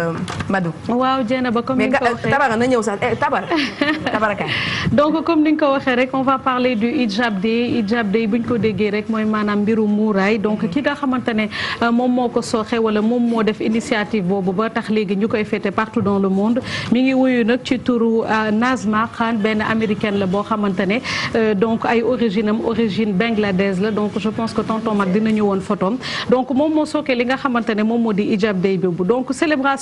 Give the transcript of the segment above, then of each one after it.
Euh, Madou. waaw jéena ba comme ni nga ko waxee tabara na ñëw sax eh, tabara tabara kay donc comme ni nga ko waxee rek on va parler du hijab day hijab day bu ko déggee rek mooy maanaam mbiru muuraay donc mm-hmm. ki nga xamante ne euh, moom moo ko sooxe wala moom moo def initiative boobu ba tax léegi ñu koy fêté partout dans le monde mi ngi wuyu nag ci turu euh, Nazma Khan benn américaine la boo xamante ne donc ay origine am origine bangladaise la donc je pense que tonton mag dina ñëwoon foto donc moom moo sooke li nga xamante ne moom moo di hijab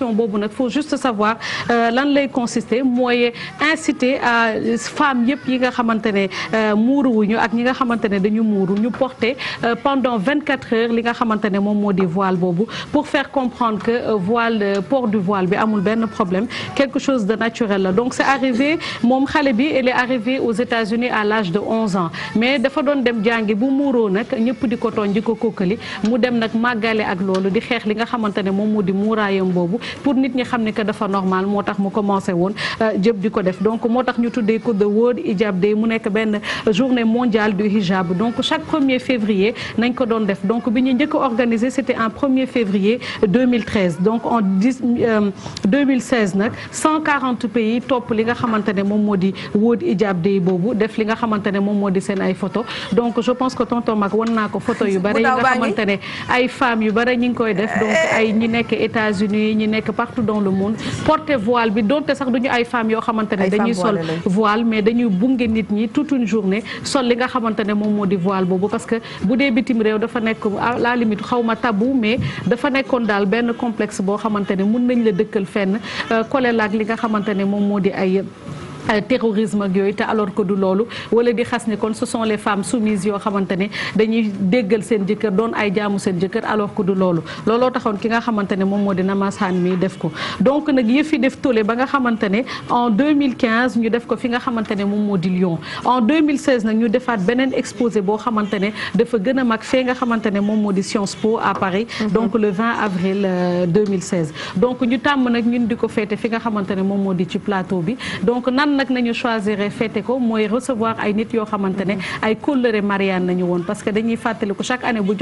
formation boobu nag faut juste savoir euh, lan lay consister mooy inciter à femmes yëpp yi nga xamante ne euh, muuru wuñu ak ñi nga xamante ne dañu muuru ñu porter euh, pendant vingt quatre heures li nga xamante ne moom moo di voile boobu pour faire comprendre que voile port du voile bi amul benn problème quelque chose de naturel la donc c'est arrivé moom xale bi elle est arrivée aux États-Unis à l'âge de onze ans mais dafa doon dem jàngi bu muuroo nag ñëpp di ko tooñ di ko kokkali mu dem nag màggale ak loolu di xeex li nga xamante ne moom moo di muuraayam boobu pour nit ñi xam ne que dafa normal moo tax mu commencé woon euh, jëb di ko def donc moo tax ñu tuddee ko the World Hijab Day mu nekk benn journée mondiale du hijab donc chaque premier février nañ ko doon def donc bi ñu njëkk organisé c'était un premier février 2013 donc en 2016 euh, nag 140 pays topp li nga xamante ne moom moo di World Hijab Day boobu def li nga xamante ne moom moo di seen ay photo donc je pense que tonton Mag wan naa ko photo yu bare yi nga xamante ne ay femmes yu bare ñu ngi koy def donc ay ñi nekk états nekk partout dans le monde porter voile bi donte sax du ñu ay femmes yoo xamante ne dañuy sol voile mais dañuy bunge nit ñi tout une journée sol li nga xamante ne moom moo di voile boobu parce que bu dee bitim réew dafa nekk à la limite xaw ma tabou mais dafa nekkoon daal benn complexe boo xamante ne mën nañ la dëkkal fenn euh, collé laak li nga xamante ne moom moo di ay Euh, terrorisme ak yooyu te alors ko du loolu wala di xas ni kon ce sont les femmes soumises yoo xamante ne dañuy déggal seen jëkkër doon ay jaamu seen jëkkër alors que du loolu looloo taxoon ki nga xamante ne moom moo di Namas Hann mi def ko donc nag yëfi def tollé ba nga xamante ne en 2015 ñu def ko fi nga xamante ne moom moo di Lyon en 2016 nag ñu defaat beneen exposé boo xamante ne dafa gën a mag fee nga xamante ne moom moo di Sciences Po à Paris mhm. donc le 20 avril 2016 euh, donc ñu tàmm nag ñun di ko féete fi nga xamante ne moom moo di ci plateau bi donc nan nan nag nañu choisir fêté ko xamante ne ay kóllëre Marianne woon parce que dañuy fàttali ko chaque année bu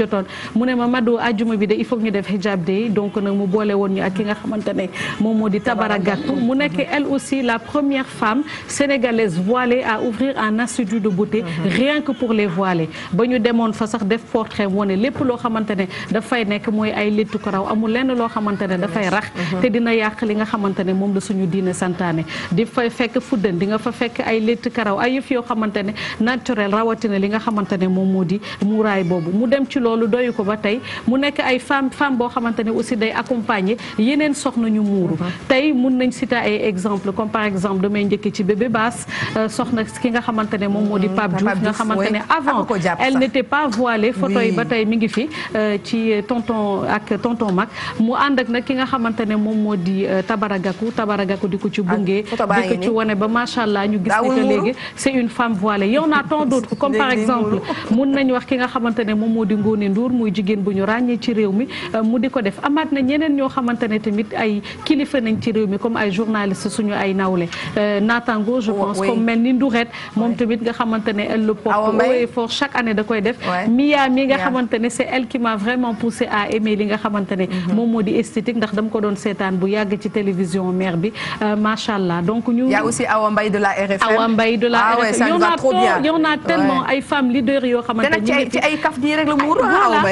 mu ne ma Madou ajuma bi de il faut ñu def hijab day donc mu boole woon ñu ak ki nga xamante ne moom moo di Tabara Gatou mu nekk elle aussi la première femme sénégalaise voilée à ouvrir un institut de beauté mhm. rien que pour les voilées ba ñu demoon fa sax def portrait wane lépp loo xamante ne dafay nekk mooy ay léttu ko raw amul lenn loo xamante ne dafay rax mhm. te dina yàq li nga xamante ne moom la suñu diine santaane di fay fekk dën di nga fa fekk ay létt karaw ay yëf yoo xamante naturel rawatina li nga xamante ne moom moo di muuraay boobu mu dem ci loolu doyu ko ba tey mu nekk ay femme femme boo xamante ne aussi day accompagner yeneen soxna ñu muuru mm-hmm. tey mun nañ si citer ay exemple comme par exemple damay njëkk ci bébé baas euh, soxna ki nga xamante ne moom moo di mm-hmm. Pape Diouf nga xamante ne avant elle n'était pas voilée photo yi ba tey mi ngi fi euh, ci tonton ak tonton mag mu ànd ak nag ki nga xamante ne moom moo di euh, tabaragaku tabaragaku di ko ci bungee di ko ci wone ba macha allah ñu gis ne que léegi c' est une femme voilée yow naa tant d' comme par exemple mun nañ wax ki nga xamante ne moom moo di Ngone Ndour muy jigéen bu ñu ràññee ci réew mi euh, mu di ko def amaat na ñeneen ñoo xamante ne tamit ay kilifa nañ ci réew mi comme ay journaliste suñu ay nawle euh, naataango je pense comme mel ni Ndourette moom tamit nga xamante ne elle le porte haut et chaque année da koy def Mia mi nga xamante ne c' est elle qui m'a vraiment poussé à aimer nga xamante ne mhm. moom moo di esthétique ndax dama ko doon seetaan bu yàgg ci télévision mère bi euh, macha allah Awa Mbaye de la RFM Awa Mbaye de la RFM y en a trop y en a tellement ay femmes leaders yoo xamante la muuru ah, Awa ah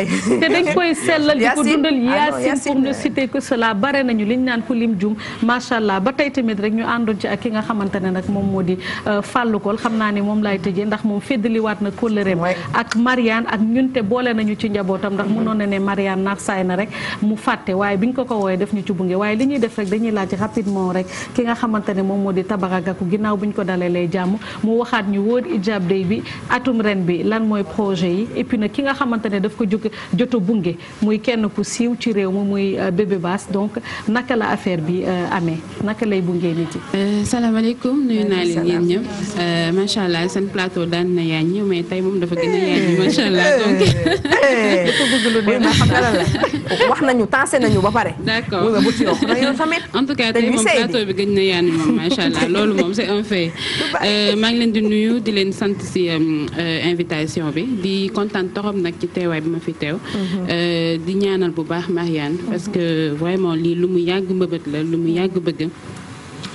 euh, Mbaye ba tey tamit rek ñu àndoon ci ak ki nga xamante ne nag moom moo di euh, Fallou Kool xam naa ne moom laay tëjee ndax moom feddaliwaat na kóllëreem ak Marianne ak ñun te boole nañu ci njabootam ndax mm-hmm. mënoon na ne Marianne naax saay na rek mu fàtte waaye biñ ko ko wooyee def ñu ci bunge waaye li ñuy def rek dañuy laaj rapidement rek ki nga xamante moom moo di tabarak jàpp ginnaaw bu ñu ko dalee lay jàmm mu waxaat ñu wóor ijab day bi atum ren bi lan mooy projet yi et puis nag ki nga xamante ne daf ko jóg joto bunge muy kenn ku siiw ci réew mi muy euh, bébé baas donc naka la affaire bi euh, amee naka lay bungee nit yi. Euh, salaamaaleykum nuyu naa leen yéen ñëpp macha allah seen plateau daan na yaa ñëw mais tey moom dafa gën a yaa ñëw eh, macha allah eh, donc. Eh. wax nañu tensé nañu ba pare. d'accord bu ci tey moom plateau bi gën na yaa ñëw moom macha allah loolu moom moom c'est un fait euh, maa ngi leen di nuyu di leen sant si euh, euh, invitation bi di kontaan torop nag ci teewaay bi ma fi teew mhm. di ñaanal bu baax Marianne parce que vraiment lii lu mu yàgg mbëbët la lu mu yàgg bëgg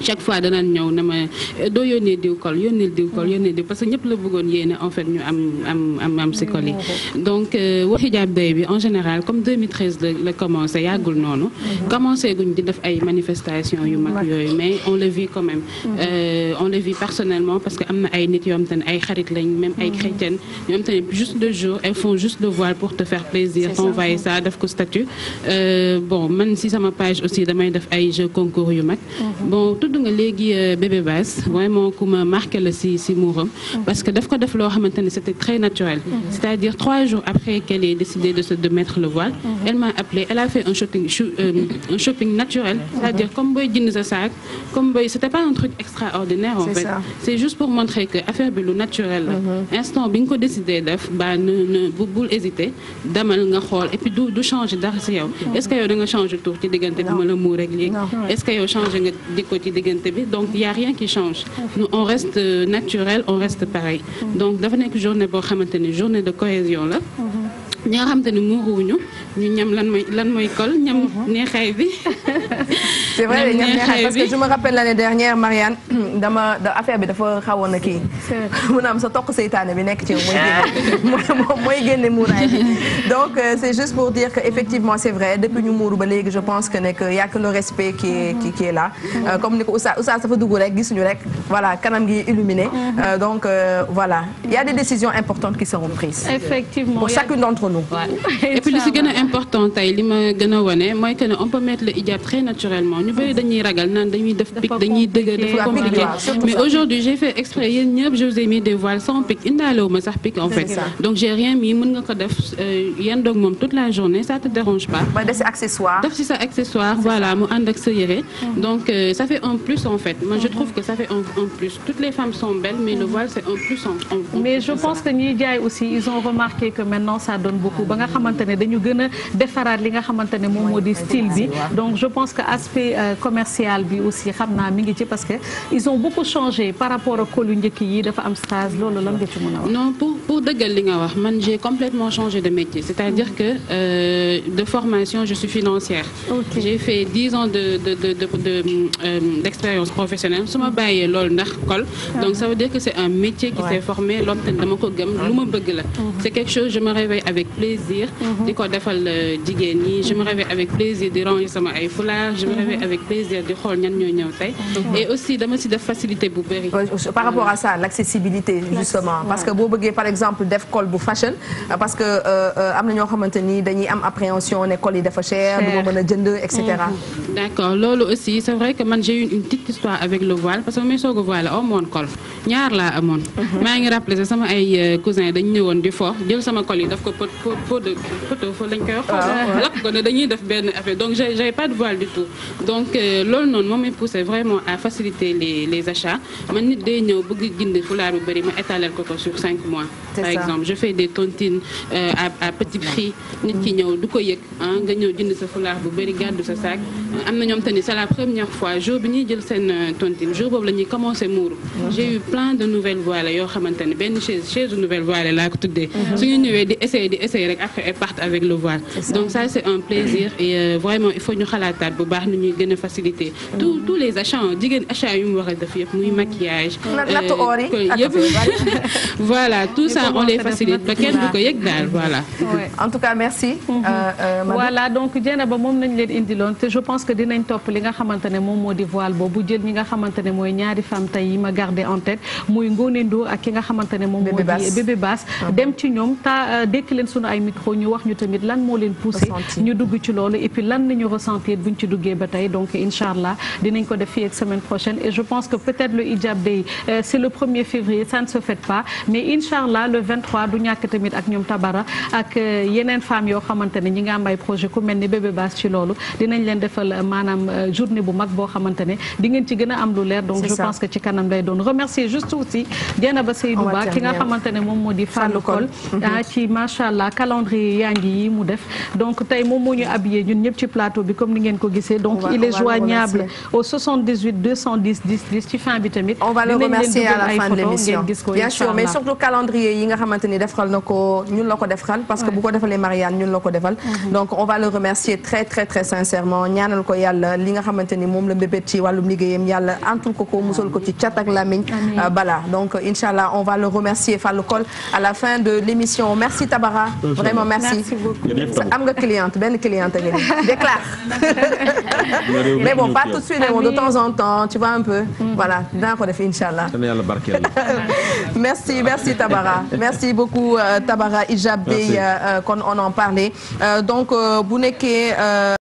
chaque fois danañ ñëw ne ma eh, doo yónnee diw col yónnee diw col yónnee diw parce que ñëpp la bëggoon yéene en fait ñu am am am am si col mm-hmm. donc euh, wax hijab day bi en général comme 2013 la la commencé yàggul noonu mm-hmm. commencé guñ di def ay manifestation yu mag yooyu mais on le vit quand même mm-hmm. euh, on le vit personnellement parce que am na ay nit yoo xam ay xarit lañ même ay chrétiennes ñoo xam te ne juste deux jours elles font juste le voile pour te faire plaisir t'envoyer ça def ko statut euh, bon man si sama page aussi damay def ay jeux yu mag yow tudd nga léegi euh, bébé Bass vraiment ku ma la si si mm-hmm. parce que daf ko def loo xamante ne c'était très naturel mm-hmm. c'est-à-dire trois jours après qu'elle ait décidé de mettre le voile mm-hmm. elle m'a appelé elle a fait un shopping euh, naturel c'est-à-dire comme booy jënd sa saak comme booy c'était pas un truc extraordinaire en c'est juste pour montrer que affaire bi lu naturel la instant bi nga ko décidé def ba ne bul hésiter damal nga xool et du changer dara da nga changer tour ci diggante bi ci diggante bi donc y a rien qui change on reste euh, naturel on reste pareil mm-hmm. donc dafa nekk journée boo xamante ne journée de cohésion la mm-hmm. ñi nga xamante ne muuruwuñu ñu ñam lan mooy lan mooy kol ñam mm-hmm. neexaay c'est vrai dañuy neexal parce que je me rappelle l'année dernière Marianne dama da affaire bi dafa xawoon na kii. mu naam sa toq seytaane bi nekk ci moom ah. mooy génne muuraay bi. donc euh, c'est juste pour dire que c'est vrai depuis ñu muuru ba léegi je pense que ne que y a que le respect qui est qui, qui est là. Euh, mm-hmm. comme ni ko Oustaz Oustaz dafa dugg rek gisuñu voilà kanam mm-hmm. euh, euh, a des décisions importantes qui seront prises. pour chacune d'entre nous. et puis li si gën a important tey li ma gën a wone après naturellement ñu bëri dañuy ragal naan dañuy def pic dañuy dëgër dafa compliqué mais aujourd'hui j'ai fait exprès yéen ñëpp je vous ai mis des voiles sans pic indaalewu ma sax pic en fait donc j'ai rien mis mën nga ko def euh, yéen doog moom toute la journée ça te dérange pas def si accessoire def si sa accessoire voilà mu ànd ak sa yére donc euh, ça fait un plus en fait moi je trouve que ça fait un plus toutes les femmes sont belles mais le voile c'est un plus en mais je pense que ñiy jaay aussi ils ont remarqué que maintenant ça donne beaucoup ba nga xamante ne dañu gën a defaraat li nga xamante ne moom moo di style bi donc pense que aspect euh, commercial bi aussi parce que ont beaucoup changé par rapport ak kolu njëkk yi dafa am stage loolu lan nga a wax. non pour pour dëggal li nga wax man j'ai complètement changé de métier c'est-à-dire mm. que euh, de formation je suis financière. j'ai fait dix ans de de de de, de euh, d'expérience professionnelle su ma bàyyee loolu ndax kol ah. donc ça veut dire que la mm-hmm. chose je me réveille avec plaisir mm-hmm. di euh, je me réveille avec plaisir di ranger sama ay soulage je me réveille avec plaisir di xool ñan ñooy et aussi dama facilité bu bëri euh, par rapport à ça l'accessibilité justement parce que boo bëggee par exemple def col bu fashion euh, parce que euh, am na ñoo xamante dañuy am appréhension ne col yi dafa cher du ma mën a jënd et cetera mm-hmm. d'accord loolu aussi c'est vrai que man j'ai une petite histoire avec le voile parce que may soog a voile aw moon col ñaar laa amoon mm-hmm. maa ngi rappelé sax sama ay cousin dañ ñëwoon di col de pot lañ koy wax ah. ne dañuy def pas du tout donc euh, loolu noonu moom may poussé vraiment à faciliter les les achats man nit day ñëw bëgg jënd fulaar bu bëri ma étaler ko sur 5 mois. par exemple je fais des tontines euh, à petit prix nit ki ñëw du ko yëg ah, nga ñëw jënd sa fulaar bu bëri gàddu sa saak am na ñoom tamit c'est la première fois jour bi ñuy jël seen euh, tontine jour boobu la ñuy commencé muuru. j'ai eu plein de nouvelles voiles yoo xamante ne benn chaise chaise nouvelle voile laa ko tuddee. Mhm. su ñu ñëwee di essayer di xoolaataat bu baax nu ñuy gën a faciliter. tous tous les achats jigéen achats yu mu war a def yëpp muy maquillage. Euh, yëpp voilà ba euh, mhm. euh, moom nañ leen indiloon te je pense que dinañ topp li nga xamante ne moom moo di voile boobu jël ñi nga xamante ne mooy ñaari femme tey yi ma garder en tête muy Ngoné Ndour ak ki nga xamante ne moom moo di bébé baas mhm. dem ci ñoom ta dékk leen sunu ay micro ñu wax ñu tamit lan moo leen poussé ñu dugg ci loolu et lan nañu ressentir buñ ci duggee ba tey donc incha allah dinañ ko def fii semaine prochaine et je pense que peut-être le hijab day euh, c'est le 1 février ça ne se fait pas mais incha allah le du ñàkk tamit ak ñoom tabara ak euh, yeneen femmes yoo xamante ñi nga am projet ku mel ni bébé base ci loolu dinañ leen defal euh, maanaam journée bu mag boo xamante ne ci gën a am lu leer donc je pense que ci kanam lay doon remercier juste aussi Dieynaba Seydou Ba ki nga xamante ngeen ko gisee donc il est joignable au 78 210 10 10 ci fin bi tamit on va le remercier à surtout calendrier yi nga xamante ni defal na ko ñun la ko defal parce que bu ko defalee Marianne ñun la ko defal mm-hmm. donc on va le remercier très très sincèrement ñaanal ko yàlla li nga xamante ni moom la mbébét ci wàllum liggéeyam yàlla antul ko ko musal ko ci cat lamiñ bala euh, donc inchallah on va le remercier Fallou à la fin de l'émission merci Tabara vraiment merci am nga cliente benn cliente déclare mais bon pas tout de suite mais bon de temps en temps tu vois un peu. Mm. voilà dinaa ko def incha allah. merci merci Tabara merci beaucoup euh, Tabara Ijab Bey kon euh, euh, on en parlait donc bu nekkee.